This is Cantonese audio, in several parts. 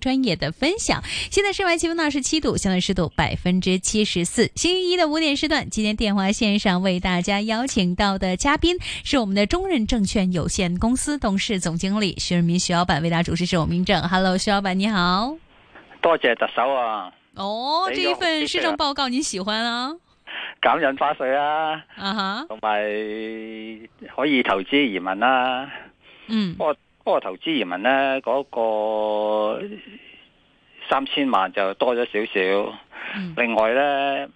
專業的分享。現在室外氣溫二十七度，相對濕度百分之七十四。星期一的五點時段，今天電話線上為大家邀請到的嘉賓是我們的中潤證券有限公司董事總經理徐潤民徐老闆。為大家主持是我明正。Hello，徐老闆你好，多謝特首啊。哦，這一份市政報告你喜歡啊？減印花稅啊，啊哈，同埋可以投資移民啦、啊。嗯，我。不過投資移民呢，嗰、那個三千萬就多咗少少。另外呢，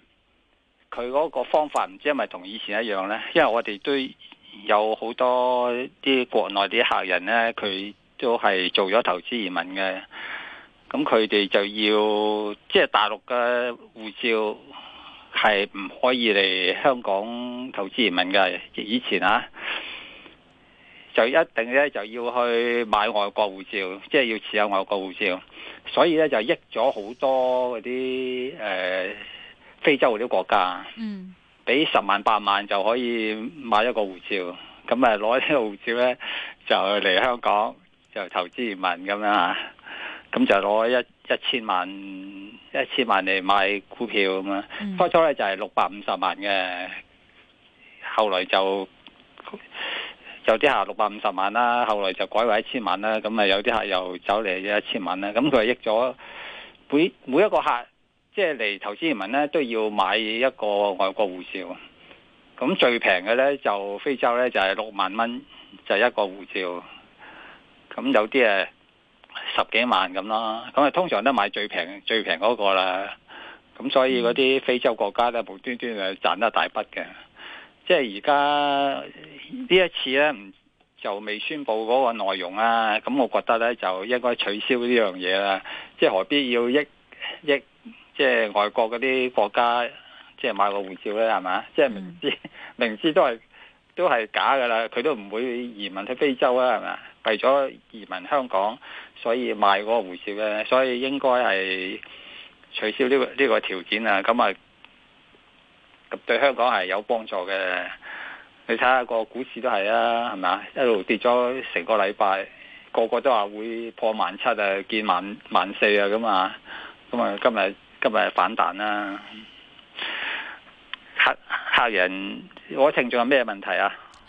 佢嗰個方法唔知係咪同以前一樣呢？因為我哋都有好多啲國內啲客人呢，佢都係做咗投資移民嘅。咁佢哋就要即係、就是、大陸嘅護照係唔可以嚟香港投資移民嘅。以前啊。就一定咧就要去買外國護照，即係要持有外國護照，所以咧就益咗好多嗰啲誒非洲嗰啲國家，俾、嗯、十萬八萬就可以買一個護照，咁啊攞呢個護照咧就嚟香港就投資移民咁樣啊，咁就攞一一千萬一千萬嚟買股票咁樣，最、嗯、初咧就係六百五十萬嘅。後來就。嗯有啲客六百五十萬啦，後來就改為一千萬啦，咁咪有啲客又走嚟一千萬啦。咁佢係益咗每每一個客，即係嚟投資移民咧都要買一個外國護照，咁最平嘅咧就非洲咧就係六萬蚊就一個護照，咁有啲誒十幾萬咁啦。咁啊通常都買最平最平嗰個啦，咁所以嗰啲非洲國家咧無端端誒賺得大筆嘅。即係而家呢一次咧，就未宣布嗰個內容啊。咁我覺得咧就應該取消呢樣嘢啦。即係何必要益益即係外國嗰啲國家即係買個護照咧？係嘛？即係明知明知都係都係假噶啦，佢都唔會移民去非洲啊？係嘛？為咗移民香港，所以買嗰個護照咧，所以應該係取消呢個呢個條件啊。咁啊。對香港係有幫助嘅，你睇下個股市都係啊，係咪，一路跌咗成個禮拜，個個都話會破萬七啊，見萬萬四啊，咁啊，咁啊，今日今日反彈啦。客客人，我聽仲有咩問題啊？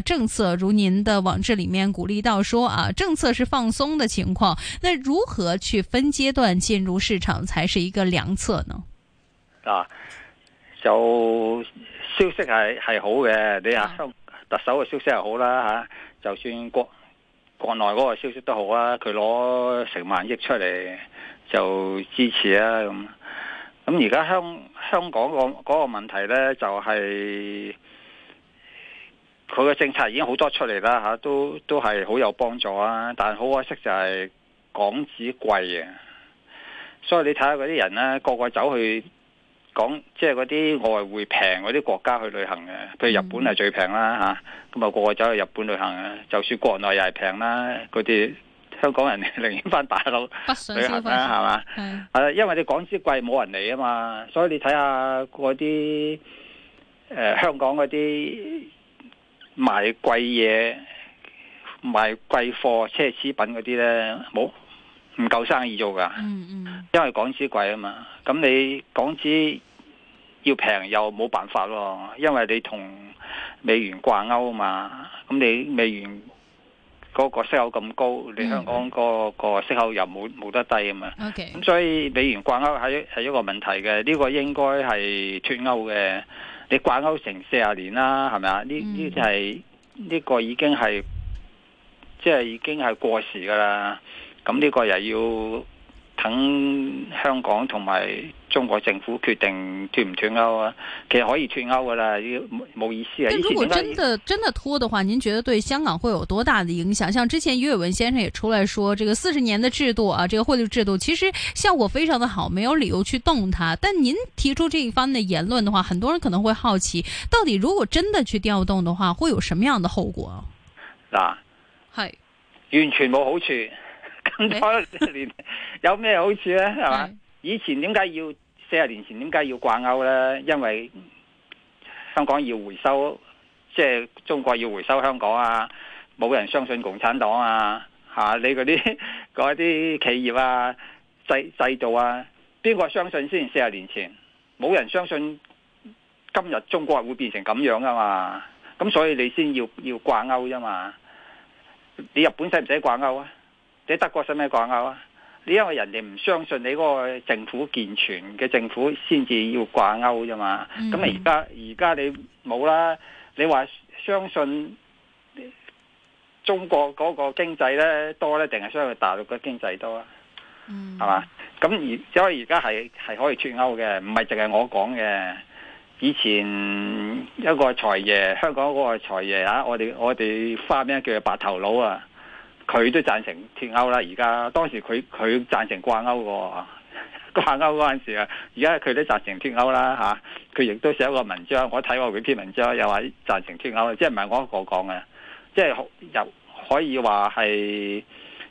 政策如您的網誌裏面鼓勵到說啊，政策是放鬆的情況，那如何去分階段進入市場才是一個良策呢？啊，就消息係係好嘅，你啊，特首嘅消息又好啦吓、啊，就算國國內嗰個消息都好啊，佢攞成萬億出嚟就支持啊咁。咁而家香香港個、嗰個問題咧就係、是。佢嘅政策已經好多出嚟啦嚇，都都係好有幫助啊！但係好可惜就係港紙貴啊，所以你睇下嗰啲人咧，個個走去港，即係嗰啲外匯平嗰啲國家去旅行嘅，譬如日本係最平啦嚇，咁啊個個走去日本旅行啊！就算國內又係平啦，嗰啲香港人寧願翻大陸旅行啦，係嘛？係啊的，因為你港紙貴冇人嚟啊嘛，所以你睇下嗰啲誒香港嗰啲。賣貴嘢、賣貴貨、奢侈品嗰啲呢，冇唔夠生意做噶。嗯嗯、mm，hmm. 因為港紙貴啊嘛，咁你港紙要平又冇辦法咯，因為你同美元掛鈎啊嘛，咁你美元嗰個息口咁高，mm hmm. 你香港個個息口又冇冇得低啊嘛。O K，咁所以美元掛鈎係係一個問題嘅，呢、這個應該係脫鉤嘅。你掛鈎成四十年啦，係咪啊？呢呢就係呢個已經係，即係已經係過時噶啦。咁呢個又要等香港同埋，中國政府決定脫唔脫鈎啊？其實可以脫鈎噶啦，冇意思啊。但如果真的為真的拖的話，您覺得對香港會有多大的影響？像之前余偉文先生也出來說，這個四十年的制度啊，這個匯率制度其實效果非常的好，沒有理由去動它。但您提出這一番的言論的話，很多人可能會好奇，到底如果真的去調動的話，會有什麼樣的後果？啊喏？嗱是，係完全冇好處，咁多年、哎、 有咩好處呢？係嘛？以前點解要？四十年前點解要掛鈎呢？因為香港要回收，即係中國要回收香港啊！冇人相信共產黨啊！吓啊，你嗰啲啲企業啊、制制度啊，邊個相信先？四十年前冇人相信今日中國會變成咁樣噶嘛？咁所以你先要要掛鈎啫嘛？你日本使唔使掛鈎啊？你德國使唔使掛鈎啊？你因為人哋唔相信你嗰個政府健全嘅政府，先至要掛勾啫嘛。咁啊、mm，而家而家你冇啦。你話相信中國嗰個經濟咧多咧，定係相信大陸嘅經濟多啊？嗯、mm，係、hmm. 嘛？咁而所以而家係係可以脫鈎嘅，唔係淨係我講嘅。以前一個財爺，香港嗰個財爺啊，我哋我哋花名叫白頭佬啊。佢都贊成脫鉤啦，而家當時佢佢贊成掛鉤嘅掛鉤嗰陣時啊，而家佢都贊成脫鉤啦嚇。佢、啊、亦都寫過文章，我睇過佢篇文章，又話贊成脫鉤，即係唔係我一個講嘅。即係又可以話係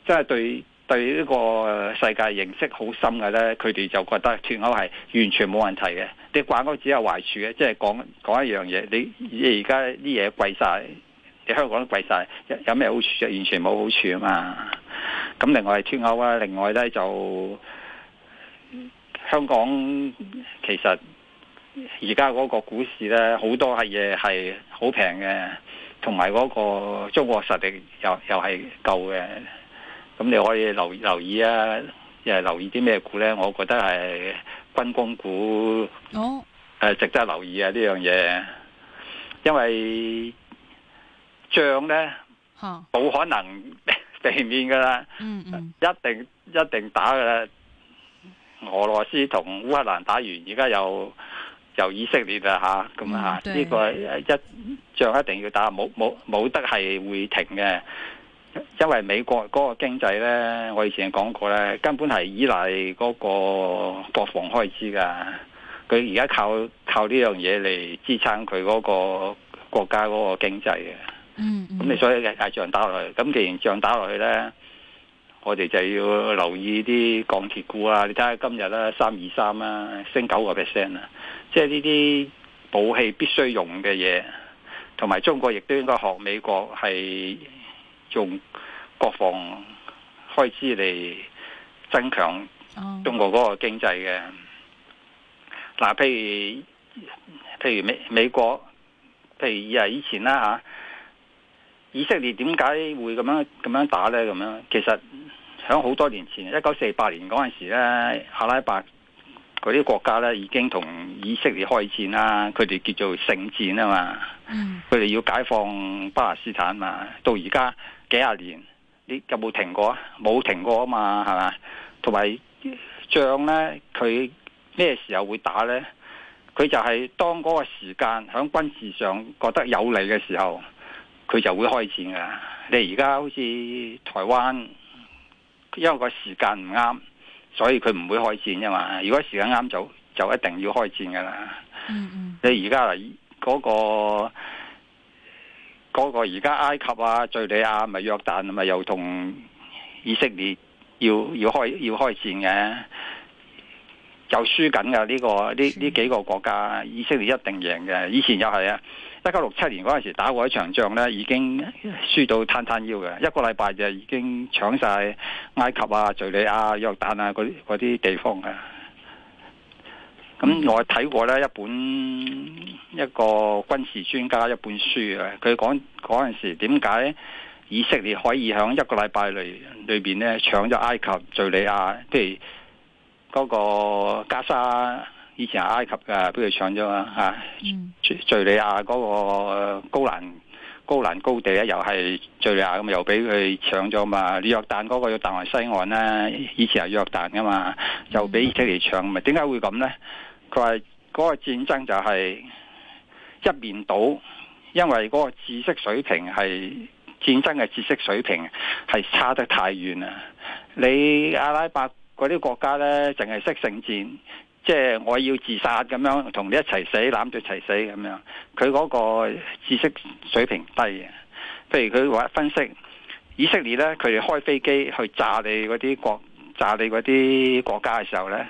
即係對對呢個世界認識好深嘅咧，佢哋就覺得脫鉤係完全冇問題嘅，你掛鉤只有壞處嘅，即係講講一樣嘢，你而家啲嘢貴晒。你香港都貴晒，有咩好處？就完全冇好處啊嘛！咁另外係出口啊，另外咧就香港其實而家嗰個股市咧好多係嘢係好平嘅，同埋嗰個中國實力又又係夠嘅。咁你可以留留意啊，誒留意啲咩股咧？我覺得係軍工股，誒、oh. 呃、值得留意啊呢樣嘢，因為。仗呢，冇哈可能避免噶啦，一定一定打噶啦。俄羅斯同烏克蘭打完，而家又又以色列啦吓，咁啊呢、嗯、個一仗一定要打，冇冇冇得係會停嘅。因為美國嗰個經濟呢，我以前講過呢，根本係依賴嗰個國防開支噶，佢而家靠靠呢樣嘢嚟支撐佢嗰個國家嗰個經濟嘅。嗯，嗯，咁你所以嘅仗打落去，咁既然仗打落去咧，我哋就要留意啲鋼鐵股啊！你睇下今日咧，啊，三二三啦，升九個 percent 啊，即係呢啲武器必須用嘅嘢，同埋中國亦都應該學美國係用國防開支嚟增強中國嗰個經濟嘅。嗱、嗯嗯啊，譬如譬如美美國，譬如啊以前啦，啊、吓。以色列點解會咁樣咁樣打呢？咁樣其實響好多年前，一九四八年嗰陣時呢，阿拉伯嗰啲國家呢，已經同以色列開戰啦，佢哋叫做聖戰啊嘛，佢哋要解放巴勒斯坦嘛。到而家幾廿年，你有冇停過啊？冇停過啊嘛，係嘛？同埋仗呢，佢咩時候會打呢？佢就係當嗰個時間響軍事上覺得有利嘅時候。佢就會開戰噶，你而家好似台灣，因為個時間唔啱，所以佢唔會開戰啫嘛。如果時間啱就就一定要開戰噶啦。嗯嗯，你而家嗰個嗰個而家埃及啊、敘利亞咪約旦咪、啊、又同以色列要要開要開戰嘅。就輸緊嘅呢個呢呢幾個國家，以色列一定贏嘅。以前又係啊，一九六七年嗰陣時打過一場仗呢，已經輸到攤攤腰嘅。一個禮拜就已經搶晒埃及啊、敘利亞、約旦啊嗰啲地方嘅。咁我睇過呢一本一個軍事專家一本書啊，佢講嗰陣時點解以色列可以響一個禮拜內裏邊呢搶咗埃及、敘利亞即係。譬如嗰個加沙以前係埃及嘅，俾佢搶咗、嗯、啊！啊，敍敘利亞嗰個高蘭高蘭高地咧，又係敍利亞咁，又俾佢搶咗嘛？約旦嗰個要彈埋西岸咧，以前係約旦噶嘛，又俾以色列搶，咪點解會咁咧？佢話嗰個戰爭就係一面倒，因為嗰個知識水平係戰爭嘅知識水平係差得太遠啊！你阿拉伯。嗰啲國家呢，淨係識聖戰，即係我要自殺咁樣，同你一齊死，攬住一齊死咁樣。佢嗰個知識水平低啊！譬如佢話分析以色列呢，佢哋開飛機去炸你嗰啲國，炸你啲國家嘅時候呢，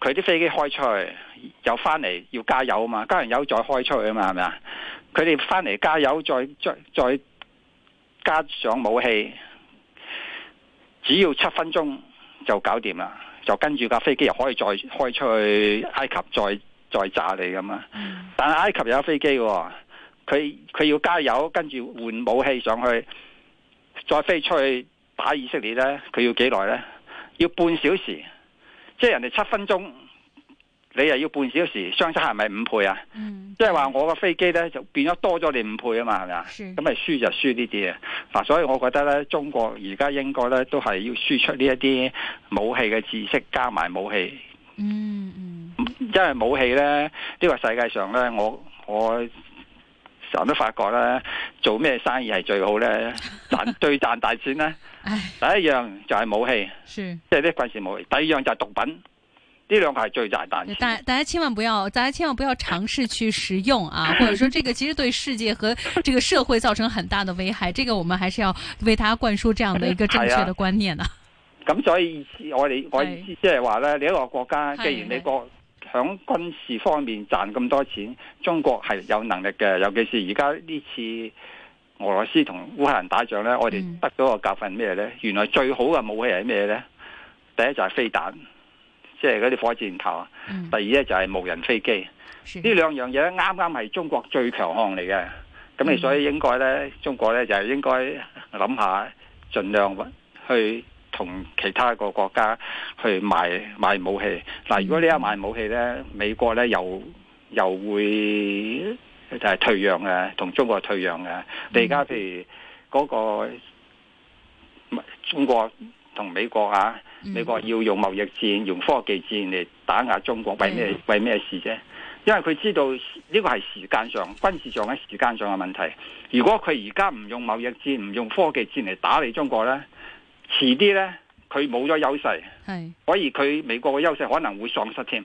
佢啲飛機開出去，又返嚟要加油啊嘛，加完油再開出去啊嘛，係咪啊？佢哋返嚟加油，再再再加上武器，只要七分鐘。就搞掂啦，就跟住架飛機又可以再開出去埃及再，再再炸你㗎嘛！嗯、但係埃及又有個飛機喎、哦，佢佢要加油，跟住換武器上去，再飛出去打以色列咧，佢要幾耐咧？要半小時，即係人哋七分鐘。你又要半小時，相差係咪五倍啊？即係話我個飛機呢，就變咗多咗你五倍啊嘛，係咪是啊？咁咪輸就輸呢啲啊！嗱，所以我覺得呢，中國而家應該呢，都係要輸出呢一啲武器嘅知識加埋武器。嗯，嗯，因為武器呢，呢、呢個世界上呢，我我成日都發覺咧，做咩生意係最好呢？賺 最賺大錢咧？哎、呀第一樣就係武器，即係啲軍事武器。第二樣就係毒品。呢兩排最大嘅，大大家千萬不要，大家千萬不要嘗試去食用啊！或者說，這個其實對世界和這個社會造成很大的危害。這個我們還是要為大家灌輸這樣的一個正確的觀念啊！咁所以我哋我意思即係話咧，你是一個國家，既然美國響軍事方面賺咁多錢，中國係有能力嘅，尤其是而家呢次俄羅斯同烏克蘭打仗呢，我哋得到個教訓咩呢？原來最好嘅武器係咩呢？第一就係飛彈。即係嗰啲火箭頭啊！嗯、第二咧就係無人飛機，呢兩是樣嘢啱啱係中國最強項嚟嘅。咁、嗯、你所以應該咧，嗯、中國咧就係應該諗下，儘量去同其他個國家去賣賣武器。嗱，如果你一賣武器咧，美國咧又又會就係退讓嘅，同中國退讓嘅。你而家譬如嗰個中國同美國啊？美國要用貿易戰、用科技戰嚟打壓中國，為咩？的為咩事啫？因為佢知道呢個係時間上、軍事上喺時間上嘅問題。如果佢而家唔用貿易戰、唔用科技戰嚟打理中國呢，遲啲呢，佢冇咗優勢，係的，所以佢美國嘅優勢可能會喪失添。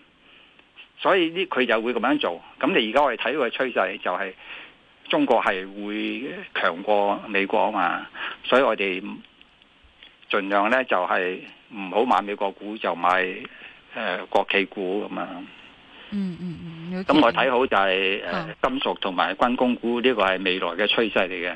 所以呢，佢就會咁樣做。咁你而家我哋睇到嘅趨勢就係、係、中國係會強過美國啊嘛。所以我哋。盡量咧就係唔好買美國股，就買誒、呃、國企股咁啊、嗯。嗯嗯嗯，咁、嗯嗯、我睇好就係、是、誒、呃哦、金屬同埋軍工股呢、這個係未來嘅趨勢嚟嘅。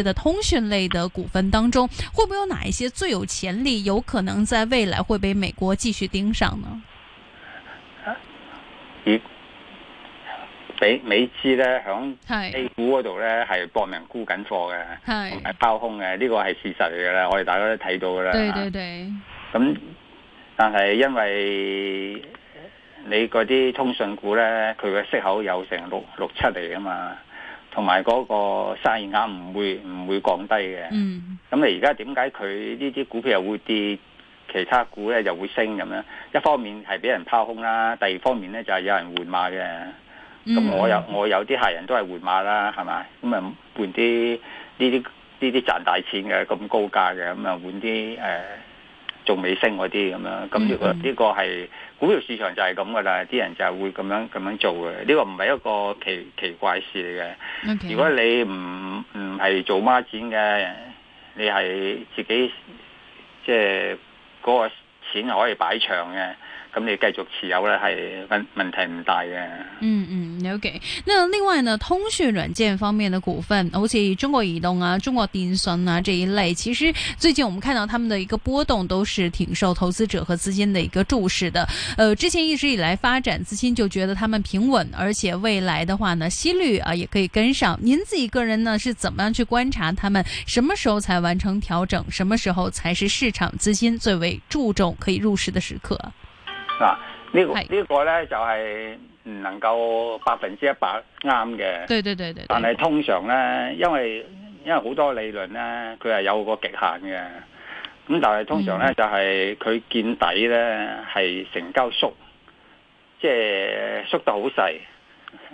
啲通訊類的股份當中，會不會有哪一些最有潛力，有可能在未來會被美國繼續盯上呢？美美資呢響 A 股嗰度呢，係搏命沽緊貨嘅，係拋是空嘅，呢、這個係事實嚟嘅啦，我哋大家都睇到噶啦。對對對，咁、啊嗯、但係因為你嗰啲通訊股呢，佢嘅息口有成六六七厘啊嘛。同埋嗰個生意額唔會唔會降低嘅。咁你而家點解佢呢啲股票又會跌，其他股咧又會升咁樣？一方面係俾人拋空啦，第二方面咧就係有人換馬嘅。咁、mm. 我有我有啲客人都係換馬啦，係咪？咁啊換啲呢啲呢啲賺大錢嘅咁高價嘅，咁啊換啲誒。呃仲未升嗰啲咁樣，咁如果呢個係股票市場就係咁噶啦，啲人就係會咁樣咁樣做嘅，呢、這個唔係一個奇奇怪事嚟嘅。Okay. 如果你唔唔係做孖展嘅，你係自己即係嗰個錢可以擺長嘅。咁你繼續持有咧，係問問題唔大嘅。嗯嗯，OK。那另外呢，通訊軟件方面的股份，好似中國移動啊、中國電信啊這一類，其實最近我們看到他們的一個波動，都是挺受投資者和資金的一個注視的。呃，之前一直以來發展資金就覺得他們平穩，而且未來的話呢，息率啊也可以跟上。您自己個人呢，是怎麼樣去觀察他們？什麼時候才完成調整？什麼時候才是市場資金最為注重可以入市的時刻？嗱，呢個呢個呢，就係唔能夠百分之一百啱嘅。對對對，對，對。但係通常呢，因為因為好多理論呢，佢係有個極限嘅。咁但係通常呢，就係佢見底呢係成交縮，即係縮得好細，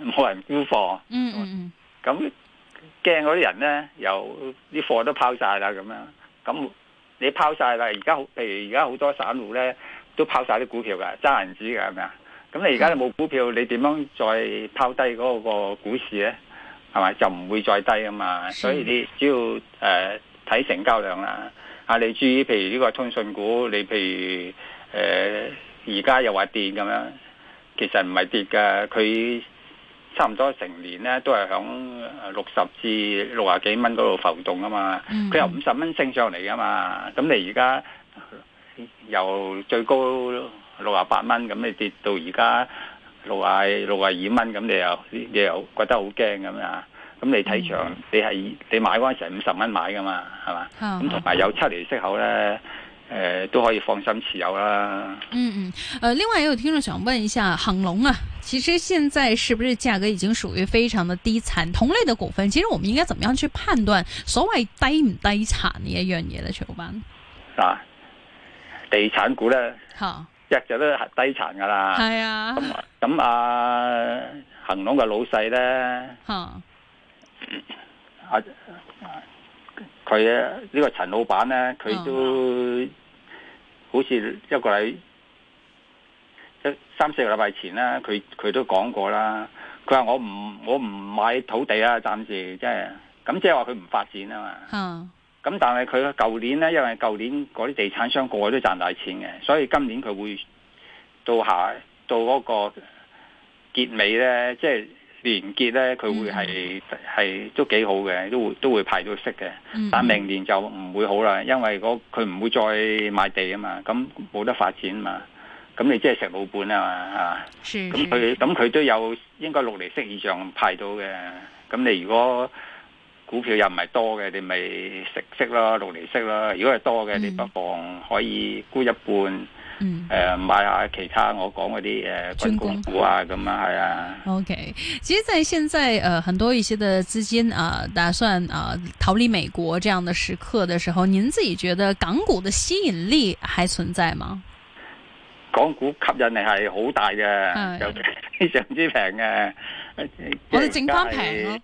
冇人沽貨。嗯。咁驚嗰啲人呢，又啲貨都拋晒啦，咁樣。咁你拋晒啦，而家好，譬如而家好多散戶呢。都拋晒啲股票噶，揸銀紙噶係咪啊？咁你而家你冇股票，你點樣再拋低嗰個股市咧？係咪？就唔會再低啊嘛。嗯、所以你只要誒睇、呃、成交量啦。啊，你注意，譬如呢個通訊股，你譬如誒而家又話跌咁樣，其實唔係跌噶，佢差唔多成年咧都係響六十至六啊幾蚊嗰度浮動啊嘛。佢由五十蚊升上嚟噶嘛。咁、嗯嗯、你而家？由最高六廿八蚊咁，你跌到而家六廿六廿二蚊，咁你又你又覺得好驚咁啊？咁你睇長、嗯，你係你買嗰陣時五十蚊買噶嘛，係嘛？咁同埋有七厘息口咧，誒、呃、都可以放心持有啦。嗯嗯，誒、嗯呃，另外有聽眾想問一下恒隆啊，其實現在是不是價格已經屬於非常的低殘？同類的股份，其實我們應該怎麼樣去判斷所謂低唔低殘呢一樣嘢咧？徐老闆啊。地產股咧，一就 Huh. 都係低殘噶啦。係啊， 咁啊，恒隆嘅老細咧，啊，佢咧呢 Huh.、啊啊啊呢個陳老闆咧，佢都 Huh. 好似一個禮，即三四個禮拜前咧，佢佢都講過啦。佢話我唔我唔買土地啊，暫時即係，咁即係話佢唔發展啊嘛。Huh. 咁但係佢舊年呢，因為舊年嗰啲地產商個個都賺大錢嘅，所以今年佢會到下到嗰個結尾呢，即係年結呢，佢會係係、嗯、哼都幾好嘅，都會都會派到息嘅。但明年就唔會好啦，因為佢唔會再買地啊嘛，咁冇得發展啊嘛，咁你即係食老本啊嘛嚇。咁佢咁佢都有應該六厘息以上派到嘅，咁你如果股票又唔係多嘅，你咪食息啦，六年息啦。如果係多嘅，你不妨可以沽一半，誒，買下其他我講嗰啲誒軍工股啊，咁啊係啊。O K，其實在現在，誒，很多一些嘅資金啊，打算啊逃離美國，這樣嘅時刻嘅時候，您自己覺得港股嘅吸引力還存在嗎？港股吸引力係好大嘅，尤其非常之平嘅，我哋整翻平咯。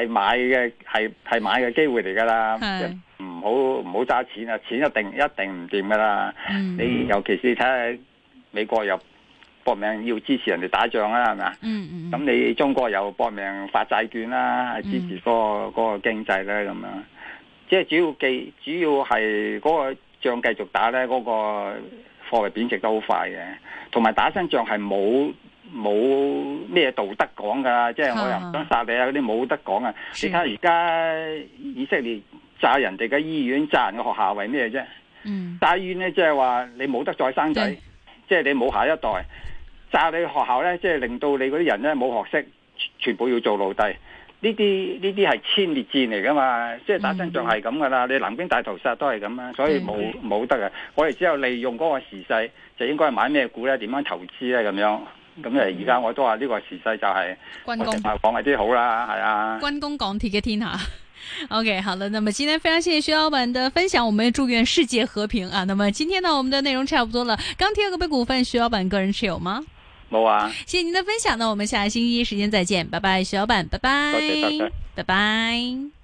係買嘅，係係買嘅機會嚟噶啦，唔好唔好揸錢啊！錢一定一定唔掂噶啦。嗯、你尤其是睇下美國又搏命要支持人哋打仗啊，係咪啊？咁、嗯、你中國又搏命發債券啦，支持嗰、嗰個嗰、嗯、個經濟咧，咁樣。即係主要記，主要係嗰個仗繼續打咧，嗰、嗰個貨幣貶值都好快嘅，同埋打新仗係冇。冇咩道德講噶，即係我又唔想殺你啊！嗰啲冇得講啊！你睇下而家以色列炸人哋嘅醫院、炸人嘅學校為咩啫？大、嗯、醫院咧，即係話你冇得再生仔，嗯、即係你冇下一代。炸你學校咧，即係令到你嗰啲人咧冇學識，全部要做奴隸。呢啲呢啲係千裂戰嚟噶嘛？即係打真仗係咁噶啦！嗯、你南京大屠殺都係咁啊！所以冇冇的的得嘅。我哋只有利用嗰個時勢，就應該買咩股咧？點樣投資咧？咁樣。咁誒，而家、嗯、我都話呢個時勢就係、是，公我淨係講係啲好啦，係啊。軍工鋼鐵嘅天下，啊。OK，好啦，咁咪今天非常謝謝徐老闆的分享，我們祝願世界和平啊！咁啊，今天呢，我們的內容差不多啦。鋼鐵股份，徐老闆個人持有嗎？冇啊。謝謝您的分享，那我們下星期一時間再見，拜拜，徐老闆，拜拜，拜拜。謝謝 bye bye